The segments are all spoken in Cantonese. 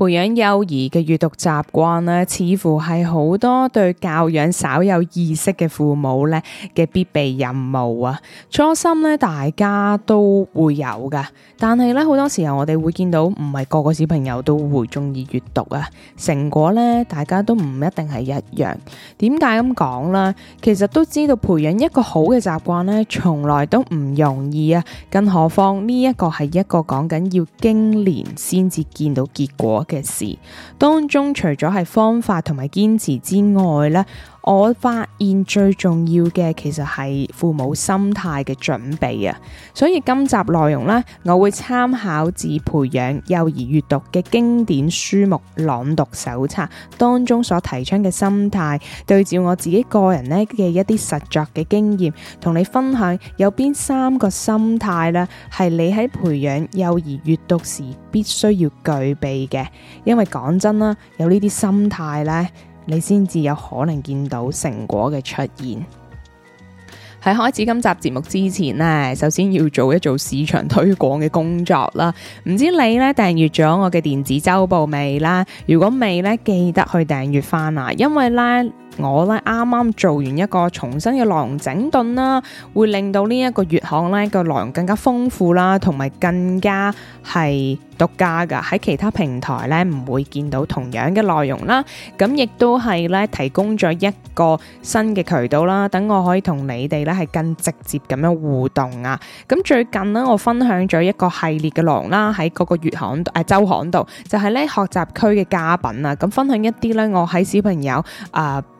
培養幼兒嘅閱讀習慣呢，似乎係好多對教養稍有意識嘅父母呢嘅必備任務啊。初心呢，大家都會有噶，但係呢，好多時候我哋會見到，唔係個個小朋友都會中意閱讀啊。成果呢，大家都唔一定係一樣。點解咁講呢？其實都知道，培養一個好嘅習慣呢，從來都唔容易啊。更何況呢一個係一個講緊要經年先至見到結果嘅事，當中除咗係方法同埋堅持之外咧。我發現最重要嘅，其實係父母心態嘅準備啊，所以今集內容呢，我會參考自培養幼兒閱讀嘅經典書目朗讀手冊當中所提倡嘅心態，對照我自己個人呢嘅一啲實作嘅經驗，同你分享有邊三個心態呢，係你喺培養幼兒閱讀時必須要具備嘅，因為講真啦，有呢啲心態呢，你先至有可能見到成果嘅出現。喺開始今集節目之前呢，首先要做一做市場推廣嘅工作啦。唔知你呢訂閱咗我嘅電子周報未啦？如果未呢，記得去訂閱翻啊！因為呢。我咧啱啱做完一個重新嘅內容整頓啦，會令到這月呢一、這個月刊咧嘅內容更加豐富啦，同埋更加係獨家噶，喺其他平台咧唔會見到同樣嘅內容啦。咁亦都係咧提供咗一個新嘅渠道啦，等我可以同你哋咧係更直接咁樣互動啊。咁最近呢，我分享咗一個系列嘅內容啦，喺各個月刊誒周、呃、刊度，就係、是、咧學習區嘅家品啊。咁分享一啲咧，我喺小朋友啊。呃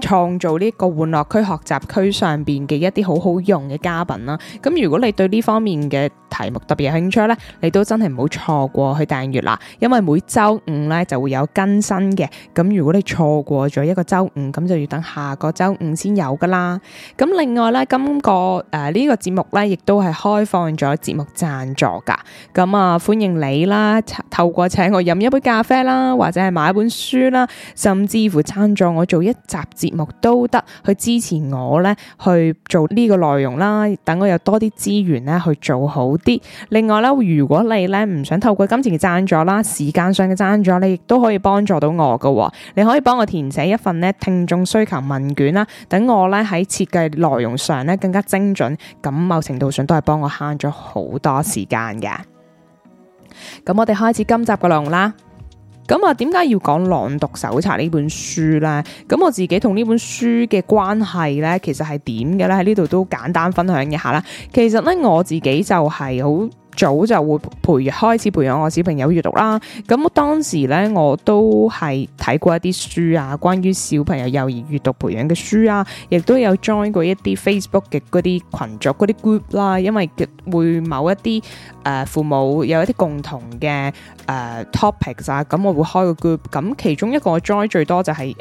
創造呢個玩樂區、學習區上邊嘅一啲好好用嘅家品啦、啊。咁如果你對呢方面嘅題目特別有興趣呢，你都真係唔好錯過去訂閱啦。因為每週五呢就會有更新嘅。咁如果你錯過咗一個週五，咁就要等下個週五先有噶啦。咁另外呢，今個誒呢、呃這個節目呢，亦都係開放咗節目贊助噶。咁啊、呃，歡迎你啦，透過請我飲一杯咖啡啦，或者係買一本書啦，甚至乎贊助我做一集節。目都得，去支持我咧，去做呢個內容啦。等我有多啲資源咧，去做好啲。另外咧，如果你咧唔想透過金錢嘅贊助啦，時間上嘅贊助，你亦都可以幫助到我噶、哦。你可以幫我填寫一份呢聽眾需求問卷啦，等我咧喺設計內容上咧更加精準。咁某程度上都係幫我慳咗好多時間嘅。咁我哋開始今集嘅內容啦。咁啊，點解要講朗讀手冊呢本書呢？咁我自己同呢本書嘅關係呢，其實係點嘅呢？喺呢度都簡單分享一下啦。其實呢，我自己就係好早就會培開始培養我小朋友閱讀啦。咁當時咧，我都係睇過一啲書啊，關於小朋友幼兒閱讀培養嘅書啊，亦都有 join 過一啲 Facebook 嘅嗰啲群組、嗰啲 group 啦。因為會某一啲、呃、父母有一啲共同嘅呃、topics、呃、啊，咁我會開個 group。咁其中一個 join 最多就係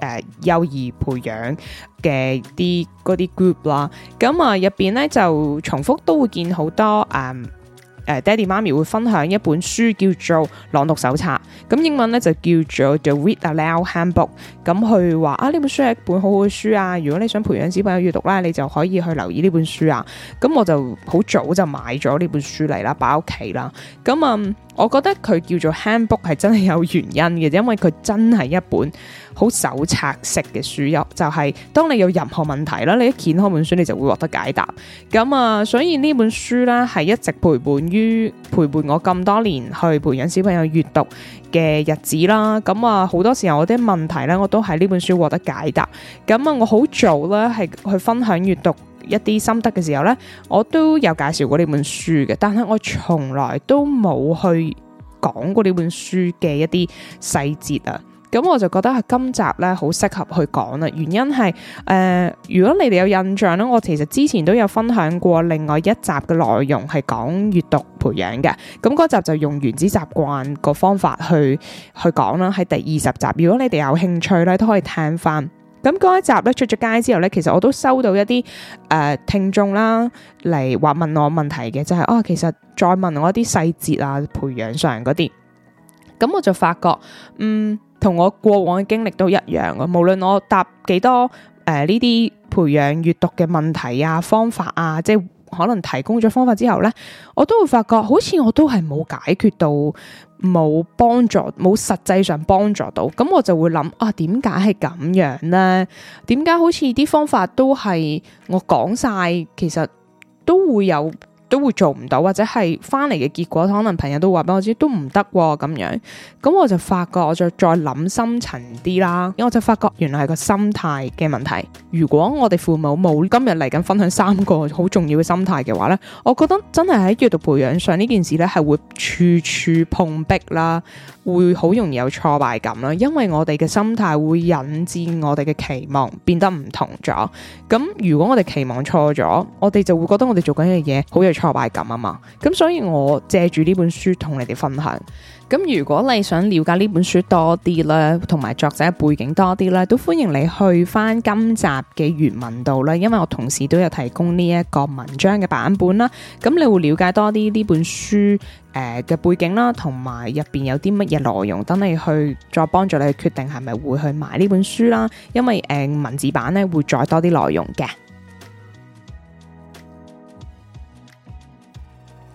幼兒培養嘅啲嗰啲 group 啦。咁啊入面咧就重複都會見好多啊～、嗯誒，爹哋媽咪會分享一本書叫做朗讀手冊，咁英文咧就叫做 The Read Aloud Handbook，咁佢話啊，呢本書係一本好好嘅書啊，如果你想培養小朋友閱讀啦，你就可以去留意呢本書啊。咁我就好早就買咗呢本書嚟啦，擺屋企啦。咁啊，我覺得佢叫做 Handbook 係真係有原因嘅，因為佢真係一本好手冊式嘅書入就係、是，當你有任何問題啦，你一掀開本書，你就會獲得解答。咁、嗯、啊，所以呢本書呢，係一直陪伴於陪伴我咁多年去培養小朋友閱讀嘅日子啦。咁、嗯、啊，好多時候我啲問題呢，我都喺呢本書獲得解答。咁、嗯、啊，我好早咧係去分享閱讀一啲心得嘅時候呢，我都有介紹過呢本書嘅，但係我從來都冇去講過呢本書嘅一啲細節啊。咁我就覺得係今集咧，好適合去講啦。原因係誒、呃，如果你哋有印象咧，我其實之前都有分享過另外一集嘅內容係講閱讀培養嘅。咁嗰集就用原子習慣個方法去去講啦，喺第二十集。如果你哋有興趣咧，都可以聽返。咁嗰一集咧出咗街之後咧，其實我都收到一啲誒、呃、聽眾啦嚟話問我問題嘅，就係、是、哦，其實再問我一啲細節啊，培養上嗰啲。咁我就發覺，嗯。同我過往嘅經歷都一樣嘅，無論我答幾多誒呢啲培養閱讀嘅問題啊、方法啊，即係可能提供咗方法之後呢，我都會發覺好似我都係冇解決到、冇幫助、冇實際上幫助到，咁我就會諗啊，點解係咁樣呢？點解好似啲方法都係我講晒，其實都會有。都會做唔到，或者係翻嚟嘅結果，可能朋友都話俾我知都唔得咁樣。咁我就發覺，我就再諗深層啲啦。因為我就發覺，原來係個心態嘅問題。如果我哋父母冇今日嚟緊分享三個好重要嘅心態嘅話呢，我覺得真係喺閱讀培養上呢件事呢，係會處處碰壁啦。會好容易有挫敗感啦，因為我哋嘅心態會引致我哋嘅期望變得唔同咗。咁如果我哋期望錯咗，我哋就會覺得我哋做緊嘅嘢好有挫敗感啊嘛。咁所以我借住呢本書同你哋分享。咁如果你想了解呢本書多啲啦，同埋作者背景多啲啦，都歡迎你去翻今集嘅原文度啦。因為我同時都有提供呢一個文章嘅版本啦。咁你會了解多啲呢本書誒嘅背景啦，同埋入邊有啲乜嘢內容，等你去再幫助你去決定係咪會去買呢本書啦。因為誒文字版呢會再多啲內容嘅。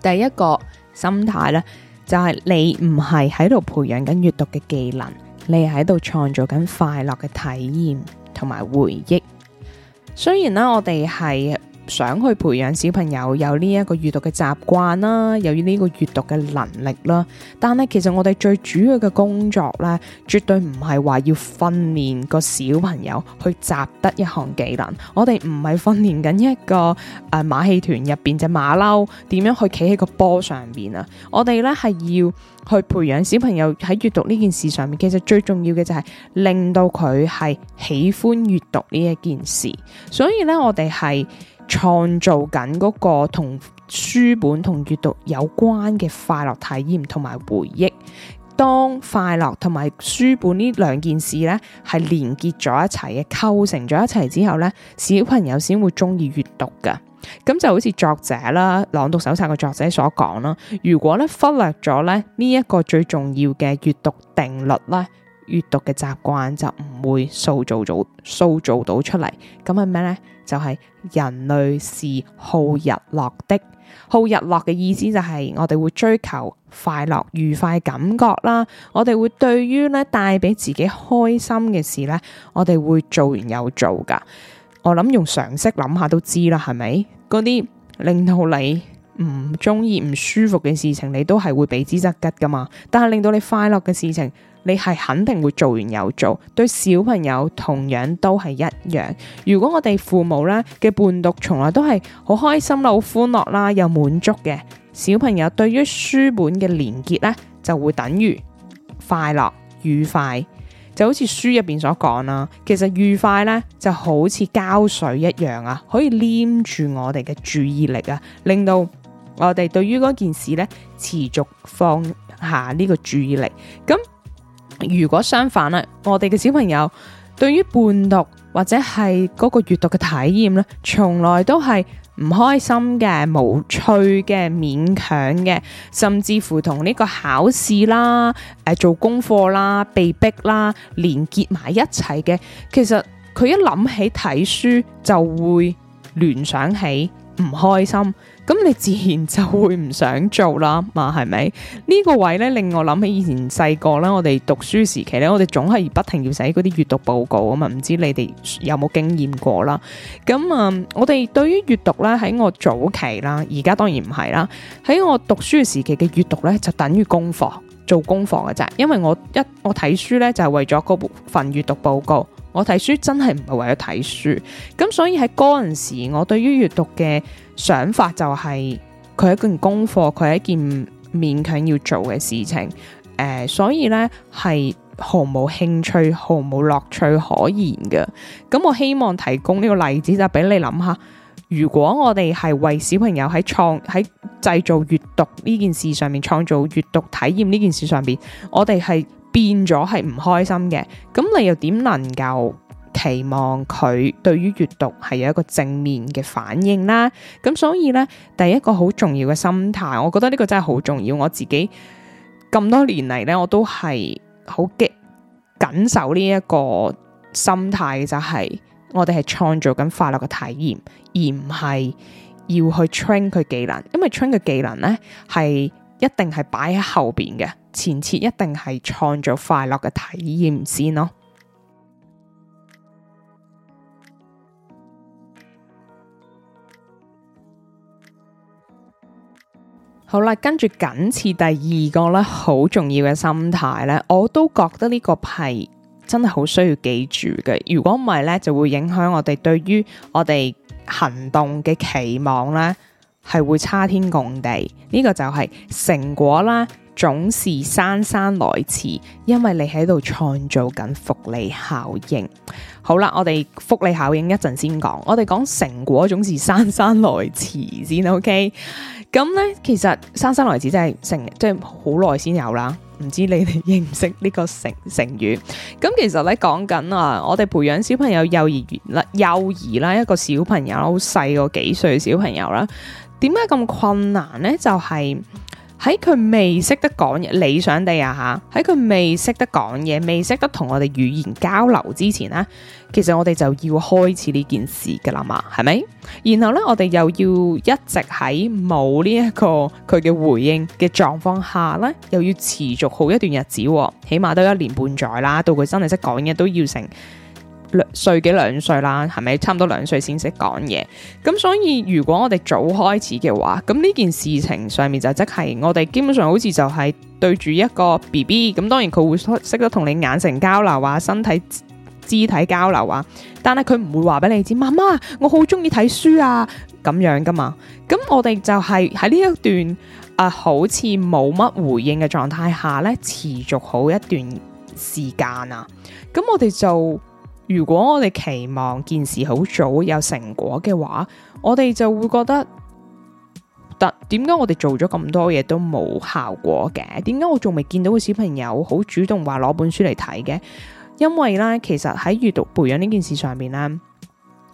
第一個心態咧，就係你唔係喺度培養緊閱讀嘅技能，你係喺度創造緊快樂嘅體驗同埋回憶。雖然啦，我哋係。想去培養小朋友有呢一個閱讀嘅習慣啦，有呢個閱讀嘅能力啦。但係其實我哋最主要嘅工作咧，絕對唔係話要訓練個小朋友去習得一項技能。我哋唔係訓練緊一個誒、呃、馬戲團入邊隻馬騮點樣去企喺個波上邊啊！我哋咧，係要去培養小朋友喺閱讀呢件事上面。其實最重要嘅就係令到佢係喜歡閱讀呢一件事。所以咧，我哋係。創造緊嗰個同書本同閱讀有關嘅快樂體驗同埋回憶，當快樂同埋書本呢兩件事咧係連結咗一齊嘅，構成咗一齊之後呢，小朋友先會中意閱讀噶。咁就好似作者啦，朗讀手冊嘅作者所講啦，如果咧忽略咗咧呢一個最重要嘅閱讀定律呢，閱讀嘅習慣就唔會塑造到，塑造到出嚟，咁係咩呢？就係人類是好日落的，好日落嘅意思就係我哋會追求快樂、愉快感覺啦。我哋會對於呢帶俾自己開心嘅事呢，我哋會做完又做噶。我諗用常識諗下都知啦，係咪？嗰啲令到你唔中意、唔舒服嘅事情，你都係會避之則吉噶嘛。但係令到你快樂嘅事情。你係肯定會做完又做，對小朋友同樣都係一樣。如果我哋父母咧嘅伴讀，從來都係好開心、好歡樂啦，又滿足嘅，小朋友，對於書本嘅連結呢就會等於快樂愉快，就好似書入邊所講啦。其實愉快呢就好似膠水一樣啊，可以黏住我哋嘅注意力啊，令到我哋對於嗰件事呢持續放下呢個注意力咁。嗯。如果相反啦，我哋嘅小朋友對於伴讀或者係嗰個閱讀嘅體驗咧，從來都係唔開心嘅、無趣嘅、勉強嘅，甚至乎同呢個考試啦、誒、呃、做功課啦、被逼啦連結埋一齊嘅。其實佢一諗起睇書就會聯想起，唔開心，咁你自然就會唔想做啦嘛，係咪？呢個位呢，令我諗起以前細個咧，我哋讀書時期呢，我哋總係不停要寫嗰啲閱讀報告啊嘛，唔知你哋有冇經驗過啦？咁啊、嗯，我哋對於閱讀咧，喺我早期啦，而家當然唔係啦，喺我讀書嘅時期嘅閱讀呢，就等於功課，做功課嘅啫，因為我一我睇書呢，就係、是、為咗嗰部分閱讀報告。我睇書真係唔係為咗睇書，咁所以喺嗰陣時，我對於閱讀嘅想法就係佢係一件功課，佢係一件勉強要做嘅事情，誒、呃，所以呢，係毫無興趣、毫無樂趣可言嘅。咁我希望提供呢個例子就俾你諗下，如果我哋係為小朋友喺創喺製造閱讀呢件事上面，創造閱讀體驗呢件事上邊，我哋係，變咗係唔開心嘅，咁你又點能夠期望佢對於閱讀係有一個正面嘅反應啦？咁所以呢，第一個好重要嘅心態，我覺得呢個真係好重要。我自己咁多年嚟，呢，我都係好緊守呢一個心態，就係，是，我哋係創造緊快樂嘅體驗，而唔係要去 train 佢技能。因為 train 嘅技能呢係。一定係擺喺後邊嘅，前設一定係創造快樂嘅體驗先咯。嗯、好啦，跟住今次第二個咧，好重要嘅心態咧，我都覺得呢個係真係好需要記住嘅。如果唔係咧，就會影響我哋對於我哋行動嘅期望咧。係會差天共地，呢個就係成果啦，總是姍姍來遲，因為你喺度創造緊複利效應。好啦，我哋複利效應一陣先講，我哋講成果總是姍姍來遲先。OK，咁呢，其實姍姍來遲真係成，即係好耐先有啦。唔知你哋認唔識呢個成成語？咁其實咧講緊啊，我哋培養小朋友幼兒園幼兒啦，一個小朋友好細個幾歲小朋友啦。點解咁困難呢？就係喺佢未識得講嘢，理想地啊吓，喺佢未識得講嘢，未識得同我哋語言交流之前呢，其實我哋就要開始呢件事噶啦嘛，係咪？然後呢，我哋又要一直喺冇呢一個佢嘅回應嘅狀況下呢，又要持續好一段日子喎，起碼都一年半載啦，到佢真係識講嘢都要成。兩歲幾兩歲啦，係咪差唔多兩歲先識講嘢？咁所以如果我哋早開始嘅話，咁呢件事情上面就即係我哋基本上好似就係對住一個 BB 咁，當然佢會識得同你眼神交流啊，身體肢體交流啊，但係佢唔會話俾你知媽媽我好中意睇書啊咁樣噶嘛。咁我哋就係喺呢一段啊、呃，好似冇乜回應嘅狀態下咧，持續好一段時間啊。咁我哋就。如果我哋期望件事好早有成果嘅話，我哋就會覺得，但點解我哋做咗咁多嘢都冇效果嘅？點解我仲未見到個小朋友好主動話攞本書嚟睇嘅？因為咧，其實喺閱讀培養呢件事上面咧，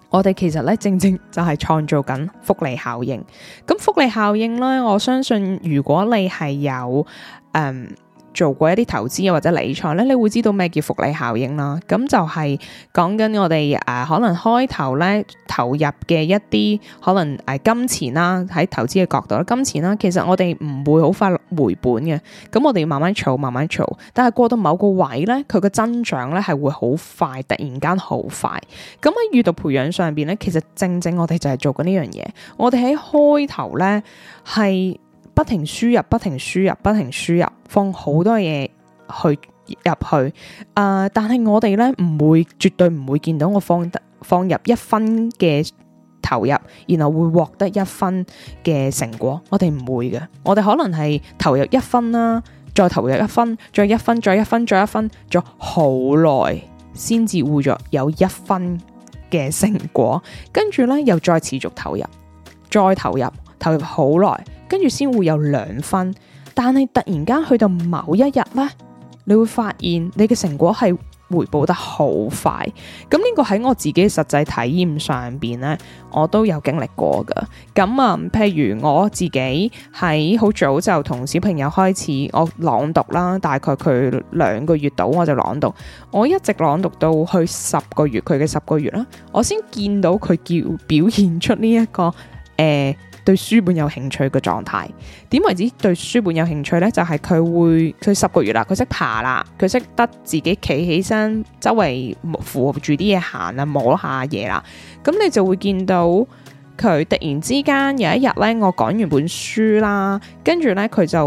我哋其實咧正正就係創造緊複利效應。咁複利效應咧，我相信如果你係有誒。嗯做過一啲投資或者理財咧，你會知道咩叫複利效應啦。咁就係講緊我哋誒、呃，可能開頭咧投入嘅一啲可能誒金錢啦，喺投資嘅角度啦，金錢啦，其實我哋唔會好快回本嘅。咁我哋要慢慢儲，慢慢儲，但係過到某個位咧，佢嘅增長咧係會好快，突然間好快。咁喺閱讀培養上邊咧，其實正正我哋就係做緊呢樣嘢。我哋喺開頭咧係。不停輸入，不停輸入，不停輸入，放好多嘢去入去。誒，uh, 但係我哋咧唔會，絕對唔會見到我放得放入一分嘅投入，然後會獲得一分嘅成果。我哋唔會嘅，我哋可能係投入一分啦，再投入一分，再一分，再一分，再一分，咗好耐先至會咗有一分嘅成果，跟住咧又再持續投入，再投入，投入好耐。跟住先會有兩分，但係突然間去到某一日呢，你會發現你嘅成果係回報得好快。咁呢個喺我自己嘅實際體驗上邊呢，我都有經歷過噶。咁啊，譬如我自己喺好早就同小朋友開始我朗讀啦，大概佢兩個月到我就朗讀，我一直朗讀到去十個月，佢嘅十個月啦，我先見到佢叫表現出呢、這、一個誒。呃對書本有興趣嘅狀態，點為止對書本有興趣呢？就係佢會佢十個月啦，佢識爬啦，佢識得自己企起身，周圍扶住啲嘢行啊，摸下嘢啦。咁你就會見到佢突然之間有一日咧，我講完本書啦，跟住呢，佢就要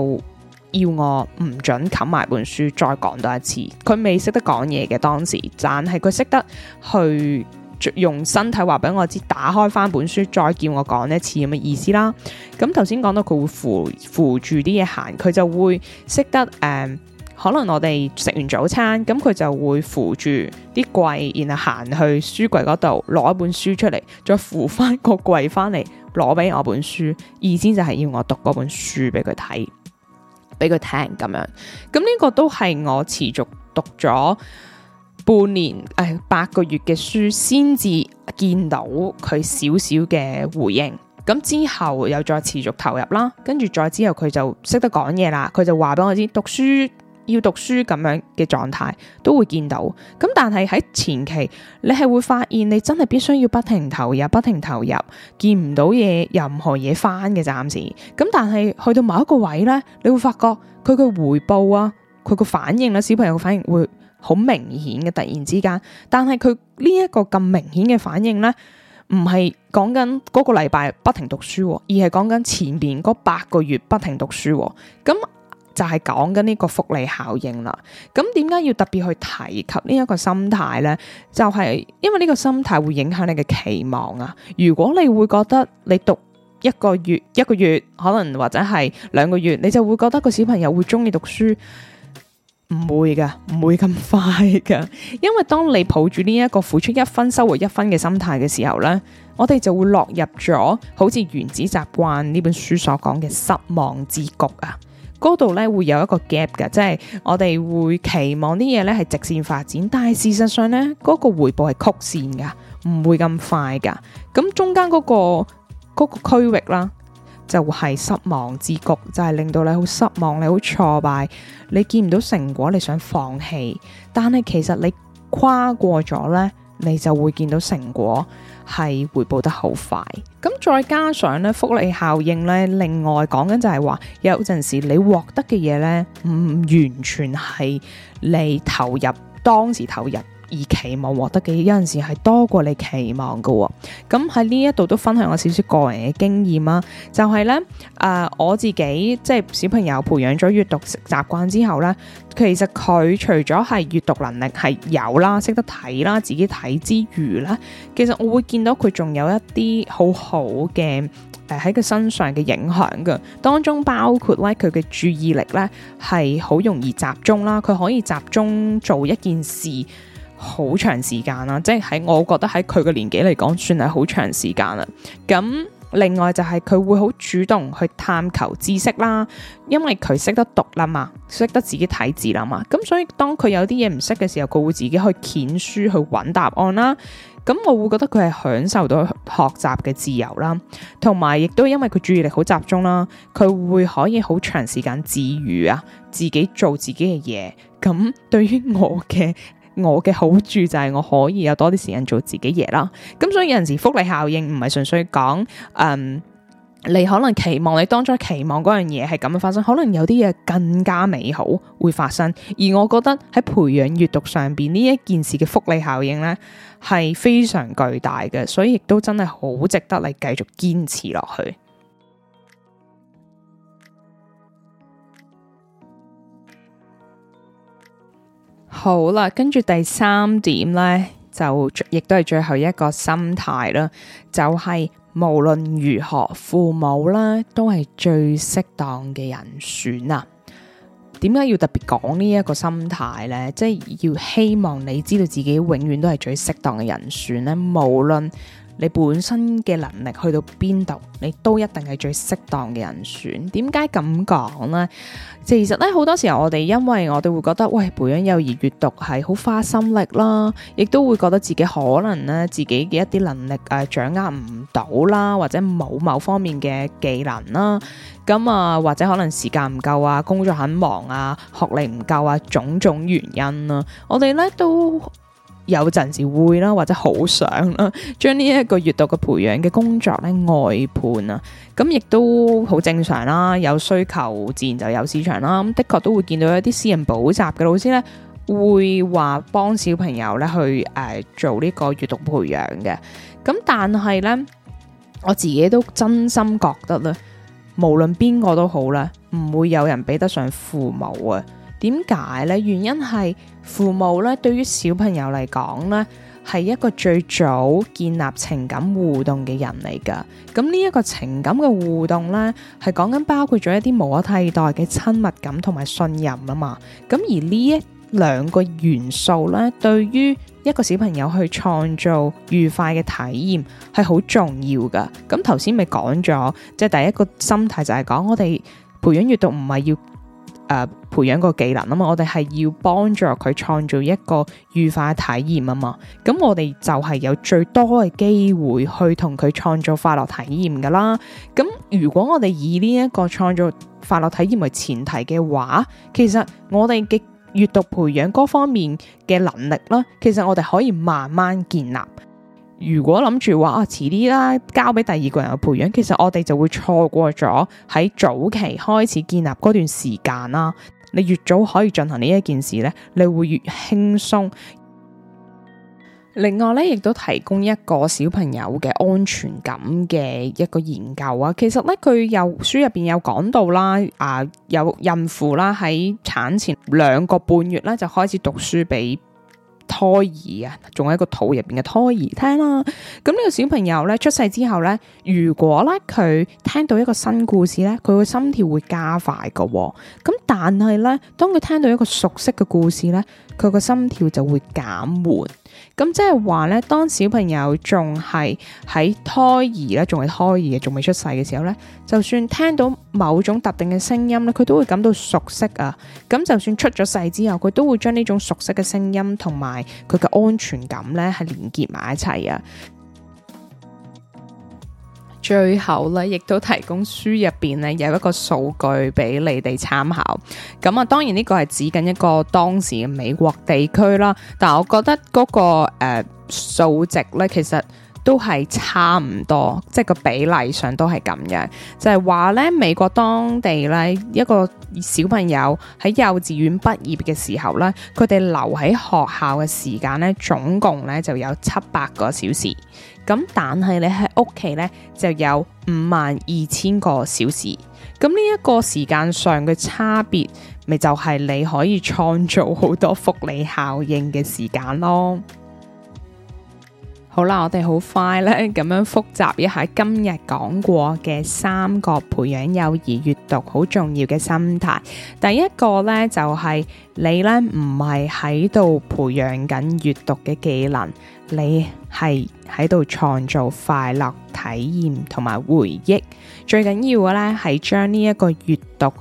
我唔准冚埋本書再講多一次。佢未識得講嘢嘅當時，但係佢識得去。用身體話俾我知，打開翻本書，再叫我講一次咁嘅意思啦。咁頭先講到佢會扶扶住啲嘢行，佢就會識得誒、呃。可能我哋食完早餐，咁佢就會扶住啲櫃，然後行去書櫃嗰度攞一本書出嚟，再扶翻個櫃翻嚟攞俾我一本書。意思就係要我讀嗰本書俾佢睇，俾佢聽咁樣。咁、這、呢個都係我持續讀咗半年，誒、哎、八個月嘅書先至見到佢少少嘅回應，咁之後又再持續投入啦，跟住再之後佢就識得講嘢啦，佢就話俾我知讀書要讀書咁樣嘅狀態都會見到，咁但係喺前期你係會發現你真係必須要不停投入，不停投入，見唔到嘢任何嘢翻嘅暫時，咁但係去到某一個位呢，你會發覺佢嘅回報啊，佢個反應啦、啊，小朋友嘅反應會。好明顯嘅突然之間，但係佢呢一個咁明顯嘅反應呢，唔係講緊嗰個禮拜不停讀書，而係講緊前邊嗰八個月不停讀書，咁就係講緊呢個複利效應啦。咁點解要特別去提及呢一個心態呢？就係因為呢個心態會影響你嘅期望啊。如果你會覺得你讀一個月，一個月可能或者係兩個月，你就會覺得個小朋友會中意讀書。唔會噶，唔會咁快噶，因為當你抱住呢一個付出一分收回一分嘅心態嘅時候呢，我哋就會落入咗好似《原子習慣》呢本書所講嘅失望之谷啊，嗰度呢會有一個 gap 嘅，即係我哋會期望啲嘢呢係直線發展，但係事實上呢，嗰個回報係曲線噶，唔會咁快噶，咁中間嗰個嗰個區域啦。就係失望之谷，就係、是、令到你好失望，你好挫敗，你見唔到成果，你想放棄。但係其實你跨過咗呢，你就會見到成果係回報得好快。咁再加上呢，複利效應、呢，另外講緊就係話，有陣時你獲得嘅嘢呢，唔完全係你投入當時投入。而期望獲得嘅，有陣時係多過你期望嘅、哦，咁喺呢一度都分享我少少個人嘅經驗啦、啊。就係、是、呢，誒、呃、我自己即係小朋友培養咗閱讀習慣之後呢，其實佢除咗係閱讀能力係有啦，識得睇啦，自己睇之餘咧，其實我會見到佢仲有一啲好好嘅誒喺佢身上嘅影響嘅，當中包括咧佢嘅注意力呢，係好容易集中啦，佢可以集中做一件事。好長時間啦、啊，即係喺我覺得喺佢嘅年紀嚟講，算係好長時間啦、啊。咁另外就係佢會好主動去探求知識啦，因為佢識得讀啦嘛，識得自己睇字啦嘛。咁所以當佢有啲嘢唔識嘅時候，佢會自己去掀書去揾答案啦。咁我會覺得佢係享受到學習嘅自由啦，同埋亦都因為佢注意力好集中啦，佢會可以好長時間自語啊，自己做自己嘅嘢。咁對於我嘅。我嘅好處就係我可以有多啲時間做自己嘢啦，咁所以有陣時福利效應唔係純粹講，嗯，你可能期望你當初期望嗰樣嘢係咁樣發生，可能有啲嘢更加美好會發生。而我覺得喺培養閱讀上邊呢一件事嘅福利效應咧，係非常巨大嘅，所以亦都真係好值得你繼續堅持落去。好啦，跟住第三點呢，就亦都係最後一個心態啦，就係無論如何，父母呢都係最適當嘅人選啊。點解要特別講呢一個心態呢？即係要希望你知道自己永遠都係最適當嘅人選呢，無論。你本身嘅能力去到邊度，你都一定係最適當嘅人選。點解咁講呢？其實咧好多時候，我哋因為我哋會覺得，喂，培養幼兒閱讀係好花心力啦，亦都會覺得自己可能咧自己嘅一啲能力誒、呃、掌握唔到啦，或者冇某方面嘅技能啦，咁啊或者可能時間唔夠啊，工作很忙啊，學歷唔夠啊，種種原因啦、啊，我哋咧都。有陣時會啦，或者好想啦，將呢一個閱讀嘅培養嘅工作咧外判啊，咁亦都好正常啦。有需求自然就有市場啦。咁的確都會見到一啲私人補習嘅老師咧，會話幫小朋友咧去誒做呢個閱讀培養嘅。咁但係呢，我自己都真心覺得咧，無論邊個都好啦，唔會有人比得上父母啊！點解咧？原因係父母咧，對於小朋友嚟講咧，係一個最早建立情感互動嘅人嚟噶。咁呢一個情感嘅互動咧，係講緊包括咗一啲無可替代嘅親密感同埋信任啊嘛。咁而呢一兩個元素咧，對於一個小朋友去創造愉快嘅體驗係好重要噶。咁頭先咪講咗，即係第一個心態就係講我哋培養閱讀唔係要。誒，培養個技能啊嘛，我哋係要幫助佢創造一個愉快體驗啊嘛，咁我哋就係有最多嘅機會去同佢創造快樂體驗㗎啦。咁如果我哋以呢一個創造快樂體驗為前提嘅話，其實我哋嘅閱讀培養嗰方面嘅能力啦，其實我哋可以慢慢建立。如果諗住話啊，遲啲啦，交俾第二個人去培養，其實我哋就會錯過咗喺早期開始建立嗰段時間啦。你越早可以進行呢一件事咧，你會越輕鬆。另外咧，亦都提供一個小朋友嘅安全感嘅一個研究啊。其實咧，佢有書入邊有講到啦，啊，有孕婦啦喺產前兩個半月咧就開始讀書俾。胎兒啊，仲係個肚入邊嘅胎兒聽啦。咁呢個小朋友咧出世之後咧，如果咧佢聽到一個新故事咧，佢個心跳會加快嘅喎。咁但係咧，當佢聽到一個熟悉嘅故事咧，佢個心跳就會減緩。咁即係話咧，當小朋友仲係喺胎兒咧，仲係胎兒，仲未出世嘅時候咧，就算聽到某種特定嘅聲音咧，佢都會感到熟悉啊。咁就算出咗世之後，佢都會將呢種熟悉嘅聲音同埋佢嘅安全感咧，係連結埋一齊啊。最後咧，亦都提供書入邊咧，有一個數據俾你哋參考。咁、嗯、啊，當然呢個係指緊一個當時嘅美國地區啦。但我覺得嗰、那個誒、呃、數值咧，其實都係差唔多，即係個比例上都係咁樣的。就係話咧，美國當地咧，一個小朋友喺幼稚園畢業嘅時候咧，佢哋留喺學校嘅時間咧，總共咧就有七百個小時。咁但係你喺屋企咧就有五萬二千個小時，咁呢一個時間上嘅差別，咪就係你可以創造好多福利效應嘅時間咯。好啦，我哋好快咧，咁樣複習一下今日講過嘅三個培養幼兒閱讀好重要嘅心態。第一個呢，就係你呢唔係喺度培養緊閱讀嘅技能，你係喺度創造快樂體驗同埋回憶。最緊要嘅呢，係將呢一個閱讀。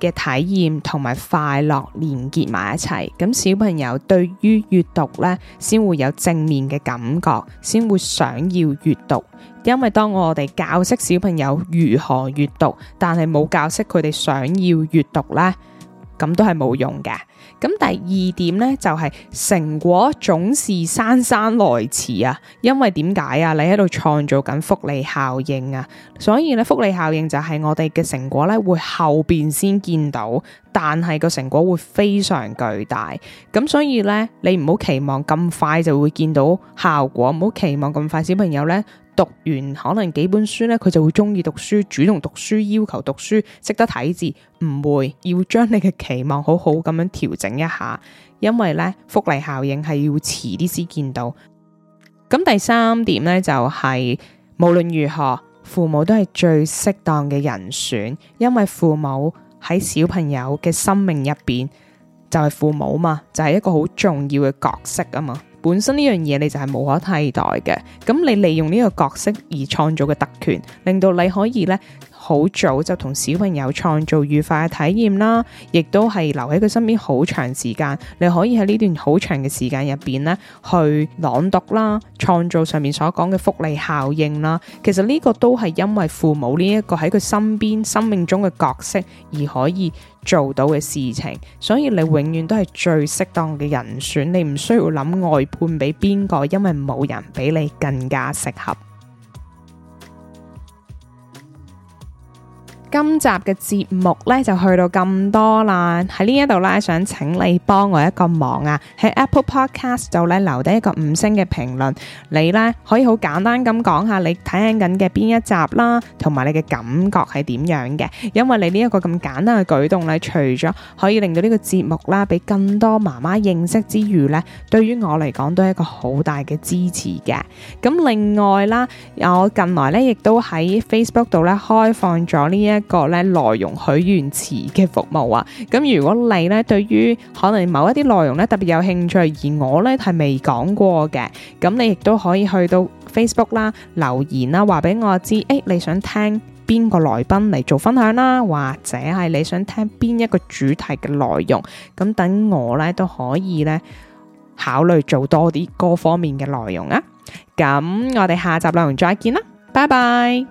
嘅體驗同埋快樂連結埋一齊，咁小朋友對於閱讀呢，先會有正面嘅感覺，先會想要閱讀。因為當我哋教識小朋友如何閱讀，但係冇教識佢哋想要閱讀呢，咁都係冇用嘅。咁第二點呢，就係成果總是姍姍來遲啊，因為點解啊？你喺度創造緊福利效應啊，所以咧，福利效應就係我哋嘅成果咧，會後邊先見到，但係個成果會非常巨大。咁所以呢，你唔好期望咁快就會見到效果，唔好期望咁快小朋友呢。讀完可能幾本書呢，佢就會中意讀書，主動讀書，要求讀書，識得睇字，唔會要將你嘅期望好好咁樣調整一下，因為呢複利效應係要遲啲先見到。咁第三點呢，就係、是、無論如何，父母都係最適當嘅人選，因為父母喺小朋友嘅生命入邊就係、是、父母嘛，就係、是、一個好重要嘅角色啊嘛。本身呢樣嘢你就係無可替代嘅，咁你利用呢個角色而創造嘅特權，令到你可以咧。好早就同小朋友創造愉快嘅體驗啦，亦都係留喺佢身邊好長時間。你可以喺呢段好長嘅時間入邊呢去朗讀啦，創造上面所講嘅福利效應啦。其實呢個都係因為父母呢一個喺佢身邊生命中嘅角色而可以做到嘅事情。所以你永遠都係最適當嘅人選，你唔需要諗外判俾邊個，因為冇人比你更加適合。今集嘅節目咧就去到咁多啦，喺呢一度咧想請你幫我一個忙啊，喺 Apple Podcast 度咧留低一個五星嘅評論，你咧可以好簡單咁講下你睇緊緊嘅邊一集啦，同埋你嘅感覺係點樣嘅？因為你呢一個咁簡單嘅舉動咧，除咗可以令到呢個節目啦，俾更多媽媽認識之餘咧，對於我嚟講都係一個好大嘅支持嘅。咁另外啦，我近來咧亦都喺 Facebook 度咧開放咗呢一一個咧內容許願池嘅服務啊，咁如果你咧對於可能某一啲內容咧特別有興趣，而我咧係未講過嘅，咁你亦都可以去到 Facebook 啦留言啦，話俾我知，誒、欸、你想聽邊個來賓嚟做分享啦，或者係你想聽邊一個主題嘅內容，咁等我咧都可以咧考慮做多啲各方面嘅內容啊。咁我哋下集內容再見啦，拜拜。